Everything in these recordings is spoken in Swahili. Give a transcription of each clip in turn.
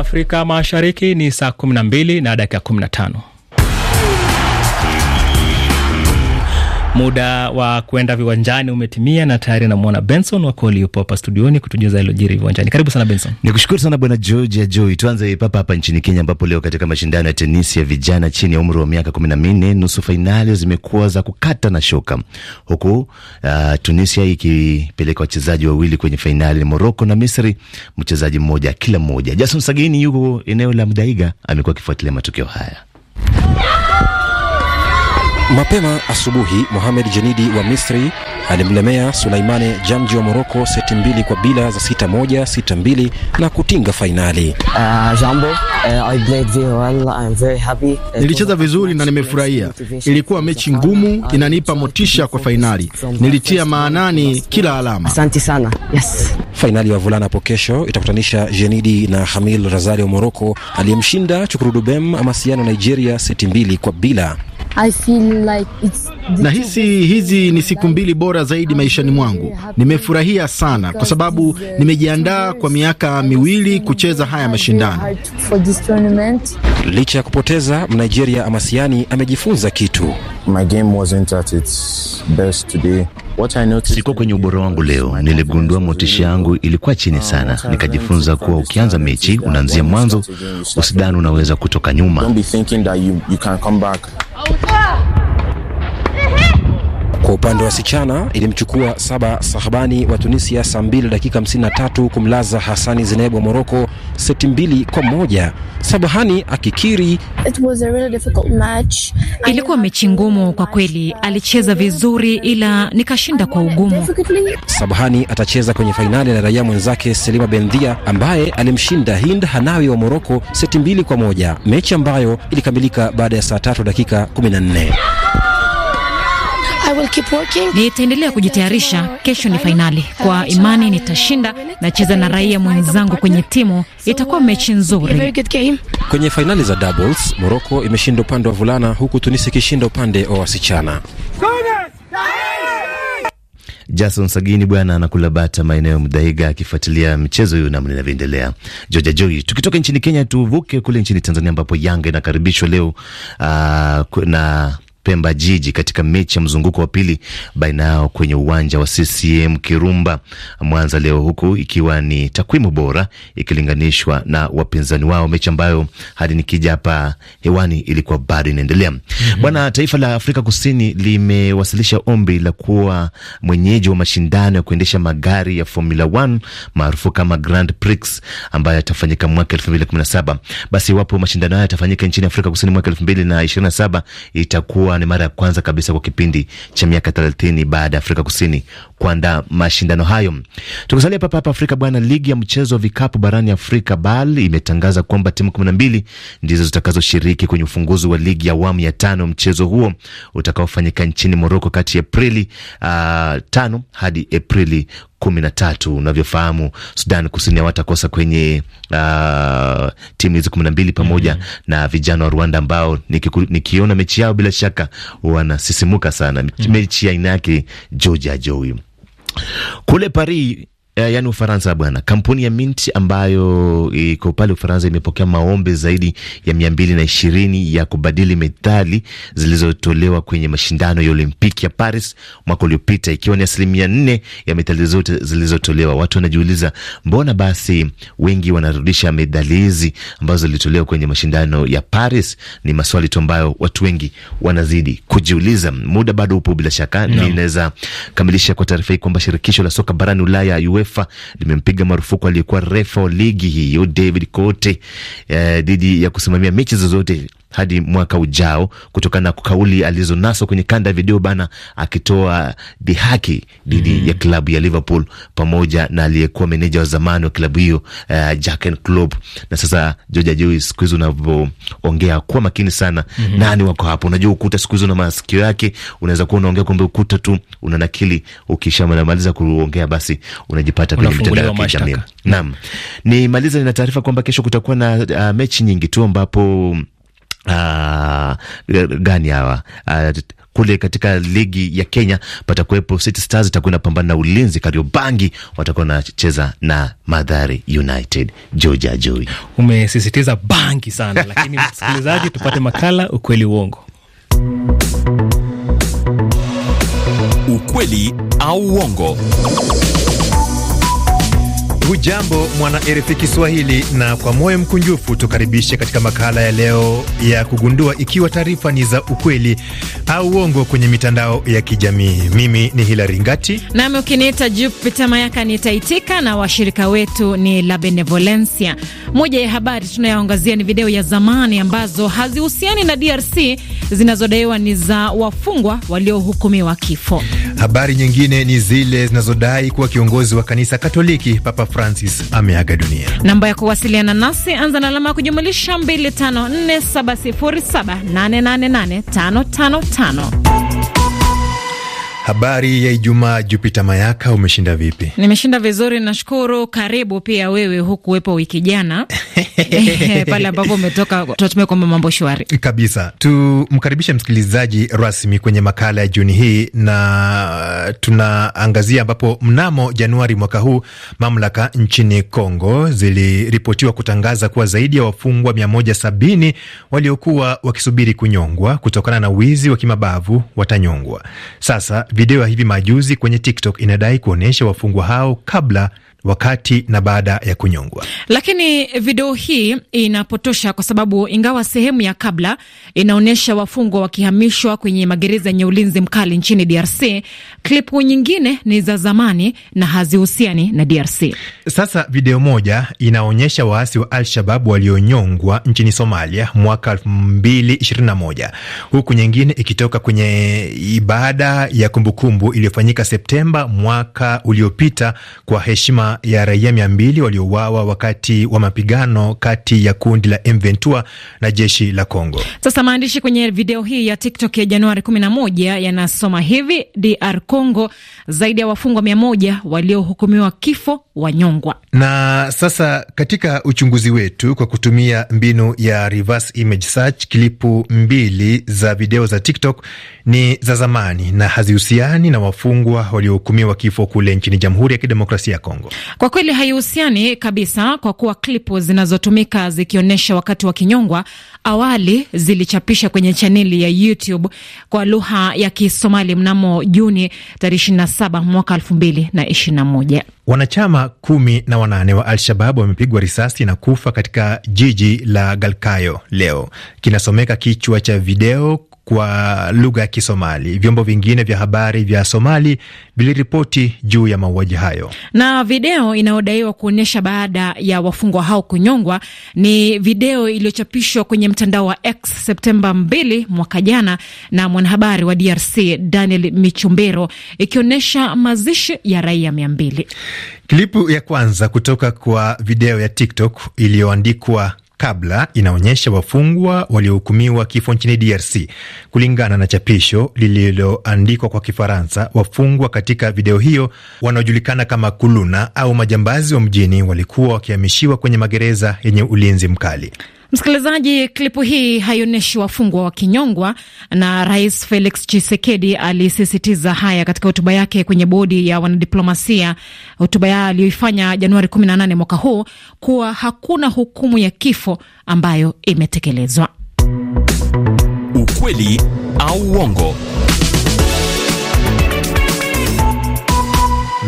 Afrika Mashariki ni saa 12 na dakika 15. Muda wa kuenda viwanjani umetimia na tayari namwona Benson Wakoli yupo hapa studioni kutujuza yaliyojiri viwanjani. Karibu sana Benson. Ni kushukuru sana bwana George Ajoi. Tuanze papa hapa nchini Kenya, ambapo leo katika mashindano ya tenisi ya vijana chini ya umri wa miaka kumi na minne nusu fainali zimekuwa za kukata na shoka, huku uh, Tunisia ikipeleka wachezaji wawili kwenye fainali, Moroko na Misri mchezaji mmoja kila mmoja. Jason Sagini yuko eneo la Mdaiga, amekuwa akifuatilia matukio haya. Mapema asubuhi Mohamed Jenidi wa Misri alimlemea Suleimane Jamji wa Moroko seti mbili kwa bila za sita moja sita mbili na kutinga fainali. Uh, jambo, uh, nilicheza vizuri na nimefurahia. Ilikuwa mechi ngumu, inanipa motisha kwa fainali. Nilitia maanani kila alama. Asante sana. Yes. Fainali ya wavulana hapo kesho itakutanisha Jenidi na Hamil Razali wa Moroko aliyemshinda chukurudubem Amasiano Nigeria seti mbili kwa bila. Like nahisi hizi ni siku mbili bora zaidi maishani mwangu. Nimefurahia sana kwa sababu nimejiandaa kwa miaka miwili kucheza haya mashindano. Licha ya kupoteza, Mnigeria Amasiani amejifunza kitu. My game wasn't at its best today. Sikuwa kwenye ubora wangu leo, niligundua motisha yangu ilikuwa chini sana. Nikajifunza kuwa ukianza mechi unaanzia mwanzo, usidhani unaweza kutoka nyuma. Kwa upande wa wasichana ilimchukua Saba Sahabani wa Tunisia saa 2 dakika 53 kumlaza Hasani Zineb wa Moroko seti mbili kwa moja, Sabahani akikiri It was a really difficult match. Ilikuwa mechi ngumu kwa kweli, alicheza vizuri ila nikashinda kwa ugumu. Sabahani atacheza kwenye fainali na raia mwenzake Selima Bendhia ambaye alimshinda Hind Hanawi wa Moroko seti mbili kwa moja, mechi ambayo ilikamilika baada ya saa tatu dakika 14. Nitaendelea kujitayarisha. Kesho ni fainali, kwa imani nitashinda. Nacheza na raia mwenzangu kwenye timu, itakuwa mechi nzuri. Kwenye fainali za doubles, Moroko imeshinda upande wa vulana, huku Tunisi ikishinda upande wa wasichana. Jason Sagini bwana anakula bata maeneo Mdhaiga akifuatilia michezo hiyo namna inavyoendelea. Joja Joi, tukitoka nchini Kenya tuvuke kule nchini Tanzania ambapo Yanga inakaribishwa leo uh, na Pemba Jiji katika mechi ya mzunguko wa pili baina yao kwenye uwanja wa CCM Kirumba Mwanza leo, huku ikiwa ni takwimu bora ikilinganishwa na wapinzani wao, mechi ambayo hadi nikija hapa hewani ilikuwa bado inaendelea. mm -hmm. Bwana, taifa la Afrika Kusini limewasilisha ombi la kuwa mwenyeji wa mashindano ya kuendesha magari ya Formula 1 maarufu kama Grand Prix ambayo yatafanyika mwaka 2017. Basi iwapo mashindano haya yatafanyika nchini Afrika Kusini mwaka 2027 itakuwa ikiwa ni mara ya kwanza kabisa kwa kipindi cha miaka 30 baada ya Afrika Kusini kuandaa mashindano hayo. Tukisalia papa hapa Afrika bwana, ligi ya mchezo wa vikapu barani Afrika BAL imetangaza kwamba timu 12 ndizo zitakazoshiriki kwenye ufunguzi wa ligi ya awamu ya tano. Mchezo huo utakaofanyika nchini Moroko kati ya Aprili uh, tano hadi Aprili kumi na tatu. Unavyofahamu, Sudan Kusini hawatakosa kwenye uh, timu hizi kumi na mbili pamoja mm -hmm. na vijana wa Rwanda ambao nikiona mechi yao bila shaka wanasisimuka sana mm -hmm. mechi ya aina yake Georgia Joey kule Paris yaani Ufaransa bwana. Kampuni ya Mint ambayo iko pale Ufaransa imepokea maombi zaidi ya mia mbili na ishirini ya kubadili metali zilizotolewa kwenye mashindano ya Olimpiki ya Paris mwaka uliopita, ikiwa ni asilimia nne ya metali zote zilizotolewa. Watu wanajiuliza mbona basi wengi wanarudisha medali hizi ambazo zilitolewa kwenye mashindano ya Paris? Ni maswali tu ambayo watu wengi wanazidi kujiuliza. Muda bado upo, bila shaka no. Ninaweza kamilisha kwa taarifa hii kwamba shirikisho la soka barani Ulaya UEFA UEFA limempiga marufuku aliyekuwa refa wa ligi hiyo David cote eh, dhidi ya kusimamia mechi zozote hadi mwaka ujao, kutokana na kauli alizonaswa kwenye kanda ya video bana, akitoa dhihaki dhidi mm -hmm. ya klabu ya Liverpool pamoja na aliyekuwa meneja wa zamani wa klabu hiyo uh, Jurgen Klopp. Na sasa George Ajewi, siku hizi unavyoongea kuwa makini sana mm -hmm. nani wako hapo. Unajua ukuta siku hizi na masikio yake, unaweza kuwa unaongea kumbe ukuta tu una nakili, ukishamaliza kuongea basi unajipata kwenye mitandao ya kijamii. Naam, nimaliza nina taarifa kwamba kesho kutakuwa na uh, mechi nyingi tu ambapo uh, gani hawa uh, kule katika ligi ya Kenya patakuwepo City Stars itakuwa inapambana na Ulinzi. Kariobangi watakuwa wanacheza na Madhari United. Joja Joi, umesisitiza bangi sana lakini msikilizaji, tupate makala ukweli uongo, ukweli au uongo Hujambo mwana RFI Kiswahili, na kwa moyo mkunjufu tukaribishe katika makala ya leo ya kugundua ikiwa taarifa ni za ukweli au uongo kwenye mitandao ya kijamii. Mimi ni Hilari Ngati nami ukiniita Jupita Mayaka nitaitika, na washirika wetu ni La Benevolencia. Moja ya habari tunayoangazia ni video ya zamani ambazo hazihusiani na DRC zinazodaiwa ni za wafungwa waliohukumiwa kifo. Habari nyingine ni zile zinazodai kuwa kiongozi wa kanisa Katoliki Papa Francis ameaga dunia. Namba ya kuwasiliana nasi anza na alama ya kujumulisha 254707888555 Habari ya Ijumaa, Jupita Mayaka, umeshinda vipi? Nimeshinda vizuri, nashukuru. Karibu pia wewe, hukuwepo wiki jana pale ambapo umetoka, tunatumia kwamba mambo shwari kabisa. Tumkaribishe msikilizaji rasmi kwenye makala ya juni hii, na tunaangazia ambapo mnamo Januari mwaka huu mamlaka nchini congo ziliripotiwa kutangaza kuwa zaidi ya wafungwa 170 waliokuwa wakisubiri kunyongwa kutokana na wizi wa kimabavu watanyongwa sasa Video ya hivi majuzi kwenye TikTok inadai kuonyesha wafungwa hao kabla wakati na baada ya kunyongwa. Lakini video hii inapotosha kwa sababu ingawa sehemu ya kabla inaonyesha wafungwa wakihamishwa kwenye magereza yenye ulinzi mkali nchini DRC, klipu nyingine ni za zamani na hazihusiani na DRC. Sasa video moja inaonyesha waasi wa Al-Shabab walionyongwa nchini Somalia mwaka 2021 huku nyingine ikitoka kwenye ibada ya kumbukumbu iliyofanyika Septemba mwaka uliopita kwa heshima ya raia mia mbili waliouawa wakati wa mapigano kati ya kundi la M23 na jeshi la congo Sasa maandishi kwenye video hii ya TikTok ya Januari 11 yanasoma hivi: DR Congo, zaidi ya wafungwa mia moja waliohukumiwa kifo wanyongwa. Na sasa katika uchunguzi wetu kwa kutumia mbinu ya reverse image search, klipu mbili za video za TikTok ni za zamani na hazihusiani na wafungwa waliohukumiwa kifo kule nchini Jamhuri ya Kidemokrasia ya Kongo. Kwa kweli haihusiani kabisa, kwa kuwa klipu zinazotumika zikionyesha wakati wa kinyongwa awali zilichapisha kwenye chaneli ya YouTube kwa lugha ya Kisomali mnamo Juni tarehe 27 mwaka 2021 wanachama kumi na wanane wa Al-Shabab wamepigwa risasi na kufa katika jiji la Galkayo leo, kinasomeka kichwa cha video kwa lugha ya Kisomali. Vyombo vingine vya habari vya Somali viliripoti juu ya mauaji hayo, na video inayodaiwa kuonyesha baada ya wafungwa hao kunyongwa ni video iliyochapishwa kwenye mtandao wa X Septemba 2 mwaka jana na mwanahabari wa DRC Daniel Michumbero, ikionyesha mazishi ya raia mia mbili. Klipu ya kwanza kutoka kwa video ya TikTok iliyoandikwa kabla inaonyesha wafungwa waliohukumiwa kifo nchini DRC. Kulingana na chapisho lililoandikwa kwa Kifaransa, wafungwa katika video hiyo wanaojulikana kama kuluna au majambazi wa mjini walikuwa wakihamishiwa kwenye magereza yenye ulinzi mkali. Msikilizaji, klipu hii haionyeshi wafungwa wa kinyongwa na Rais Felix chisekedi alisisitiza haya katika hotuba yake kwenye bodi ya wanadiplomasia, hotuba aliyoifanya Januari 18 mwaka huu, kuwa hakuna hukumu ya kifo ambayo imetekelezwa. Ukweli au uongo?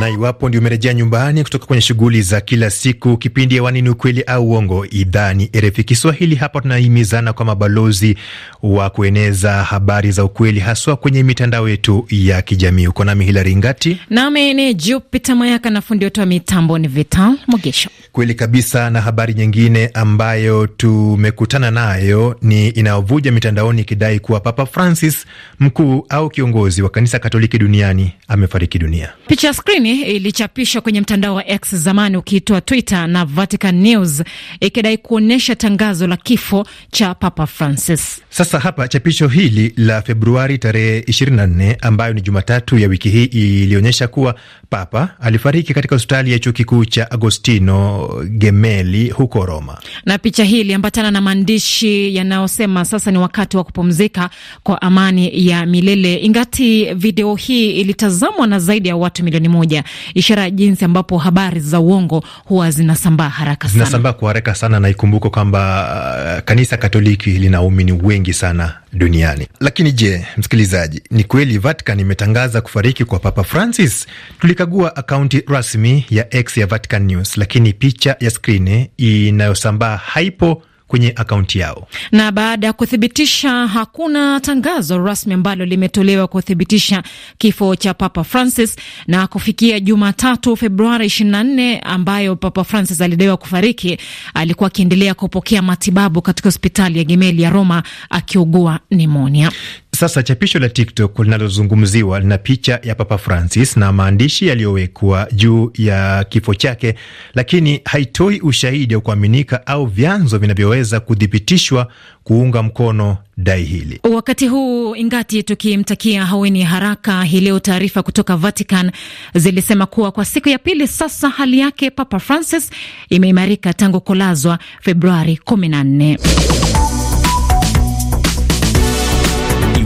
na iwapo ndio umerejea nyumbani kutoka kwenye shughuli za kila siku, kipindi hewani ni ukweli au uongo, idhaa ni RFI Kiswahili. Hapa tunahimizana kwa mabalozi wa kueneza habari za ukweli, haswa kwenye mitandao yetu ya kijamii. Uko nami Hilari Ngati nami ni Jupita Mayaka na fundi wetu wa mitambo ni Vital Mugesho. Kweli kabisa. Na habari nyingine ambayo tumekutana nayo ni inayovuja mitandaoni ikidai kuwa Papa Francis, mkuu au kiongozi wa kanisa Katoliki duniani, amefariki dunia. Picha skrini Marekani ilichapishwa kwenye mtandao wa X zamani ukiitwa Twitter na Vatican News ikidai kuonyesha tangazo la kifo cha Papa Francis. Sasa hapa chapisho hili la Februari tarehe 24 ambayo ni Jumatatu ya wiki hii ilionyesha kuwa Papa alifariki katika hospitali ya chuo kikuu cha Agostino Gemelli huko Roma, na picha hii iliambatana na maandishi yanayosema sasa ni wakati wa kupumzika kwa amani ya milele. Ingati video hii ilitazamwa na zaidi ya watu milioni moja, ishara ya jinsi ambapo habari za uongo huwa zinasambaa haraka sana, zinasambaa kwa haraka sana, na ikumbuko kwamba uh, Kanisa Katoliki linaumini wengi wengi sana duniani. Lakini je, msikilizaji, ni kweli Vatican imetangaza kufariki kwa Papa Francis? Tulikagua akaunti rasmi ya X ya Vatican News, lakini picha ya skrini eh, inayosambaa haipo kwenye akaunti yao. Na baada ya kuthibitisha, hakuna tangazo rasmi ambalo limetolewa kuthibitisha kifo cha Papa Francis, na kufikia Jumatatu Februari 24 ambayo Papa Francis alidaiwa kufariki, alikuwa akiendelea kupokea matibabu katika hospitali ya Gemelli ya Roma akiugua nimonia. Sasa chapisho la TikTok linalozungumziwa lina picha ya Papa Francis na maandishi yaliyowekwa juu ya kifo chake, lakini haitoi ushahidi wa kuaminika au vyanzo vinavyoweza kuthibitishwa kuunga mkono dai hili. Wakati huu ingati tukimtakia haweni haraka, hii leo taarifa kutoka Vatican zilisema kuwa kwa siku ya pili sasa hali yake Papa Francis imeimarika tangu kulazwa Februari 14.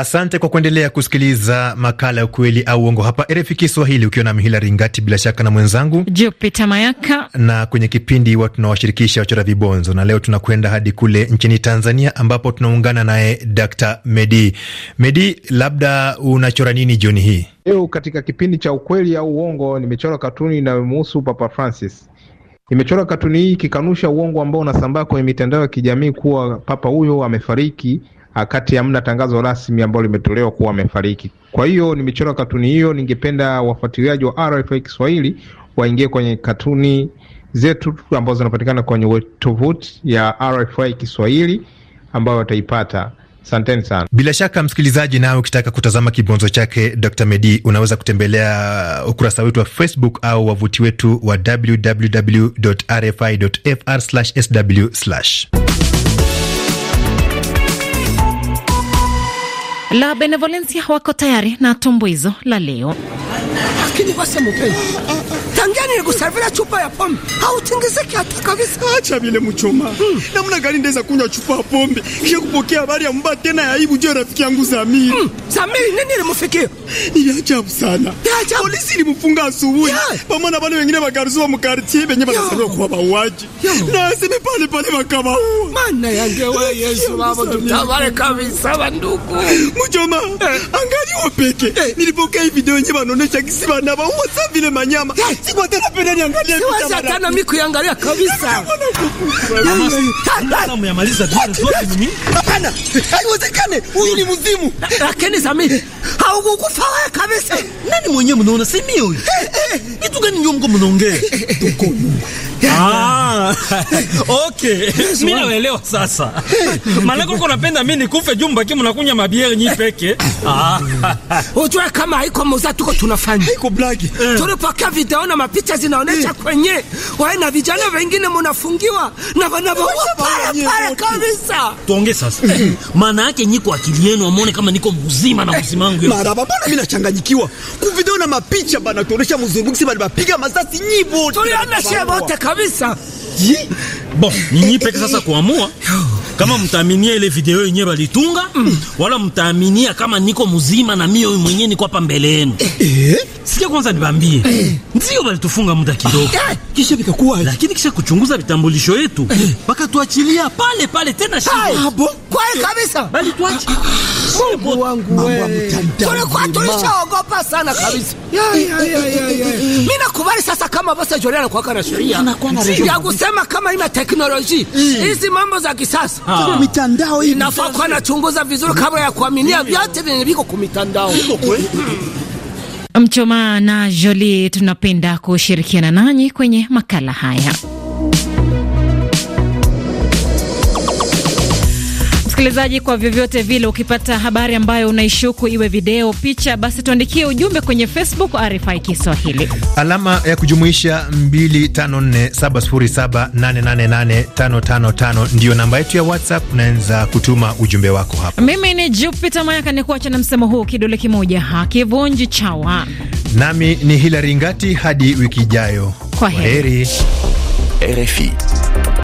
Asante kwa kuendelea kusikiliza makala ya ukweli au uongo hapa RFI Kiswahili, ukiwa nami Hilari Ngati, bila shaka na mwenzangu Jupita Mayaka, na kwenye kipindi huwa tunawashirikisha wachora vibonzo, na leo tunakwenda hadi kule nchini Tanzania ambapo tunaungana naye Dr. Medi. Medi, labda unachora nini jioni hii? Leo katika kipindi cha ukweli au uongo nimechora katuni inayomuhusu Papa Francis. Nimechora katuni hii ikikanusha uongo ambao unasambaa kwenye mitandao ya kijamii kuwa papa huyo amefariki Ah, kati hamna tangazo rasmi ambalo limetolewa kuwa amefariki. Kwa hiyo michoro katuni hiyo, ningependa wafuatiliaji wa RFI Kiswahili waingie kwenye katuni zetu ambazo zinapatikana kwenye tovuti ya RFI Kiswahili ambayo wataipata. Asanteni sana. Bila shaka msikilizaji, nawe ukitaka kutazama kibonzo chake Dr Medi unaweza kutembelea ukurasa wetu wa Facebook au wavuti wetu wa www rfi fr sw la Benevolencia wako tayari na tumbuizo la leo yani nikuservira vile chupa ya pombe hautingiziki hata kabisa. Acha vile mchoma, Hmm. namna gani ndeza kunywa chupa ya pombe kisha kupokea habari ya mba tena ya aibu juu rafiki yangu Samiri? Hmm. Samiri nini ilimfikia? Ni ajabu sana. Ni Ajabu. Polisi ilimfunga asubuhi yeah. pamoja na wale wengine magarizo wa mkarti benye wanasema kuwa mauaji na asimi pale pale makama huo. Maana wa Yesu baba, tutawale kabisa banduku mchoma eh. angalia peke eh. nilipokea video yenye wanaonesha na bana wao vile manyama hey. sikwata Siwezi hata nami kuiangalia kabisa. Yaani, yaani, hapana, haiwezekani. Huyu ni mzimu. Lakini Samir, eh, eh. haukukufa wewe kabisa. Nani mwenyewe mnaona si mimi huyu? Eh, Kitu gani ndio mko mnaongea? Tuko nyuma. Ah, okay. Mimi naelewa sasa. Maana uko unapenda mimi nikufe jumba kimu nakunya mabiere nyi peke. Ah. Ujue kama haiko moza tuko tunafanya haiko blagi yeah. Tulipokea video na mapicha zinaonesha yeah. Kwenye wae na vijana wengine munafungiwa na wanabaua pale pale kabisa. Tuonge sasa eh. maana yake nyiko akili yenu amone kama niko mzima na eh. mzima wangu yote mara baba, mimi nachanganyikiwa ku video na mapicha bana tuonesha mzunguko sima alipiga masasi nyibo tuliona shia wote kabisa. Bon, ninyi eh, peke sasa kuamua kama mtaaminia ile video yenyewe walitunga mm. wala mtaaminia kama niko mzima na mimi mwenyewe niko hapa mbele yenu eh? eh? Sikia kwanza nibambie eh. Ndio walitufunga muda ah, kidogo ah, kisha vikakuwa, lakini kisha kuchunguza vitambulisho yetu eh. Baka tuachilia pale pale tena shida abo kwa kabisa bali tuache Mungu wangu wewe, kwa kwa tulishaogopa sana kabisa. Mimi nakubali sasa, kama basi Jolia kwa kana sheria, si ya kusema kama ina teknolojia eh. hizi mambo za kisasa mitandao hii nafaa kwa anachunguza vizuri kabla ya kuaminia vyote vyenye viko kwa mitandao. Mchoma na Jolie tunapenda kushirikiana nanyi kwenye makala haya. Msikilizaji, kwa vyovyote vile, ukipata habari ambayo unaishuku iwe video, picha, basi tuandikie ujumbe kwenye Facebook RFI Kiswahili, alama ya kujumuisha 254707888555 ndiyo namba yetu ya WhatsApp. Unaanza kutuma ujumbe wako hapa. Mimi ni Jupiter Mayaka, ni kuacha na msemo huu, kidole kimoja hakivunji chawa. Nami ni Hilari Ngati, hadi wiki ijayo, kwa heri. RFI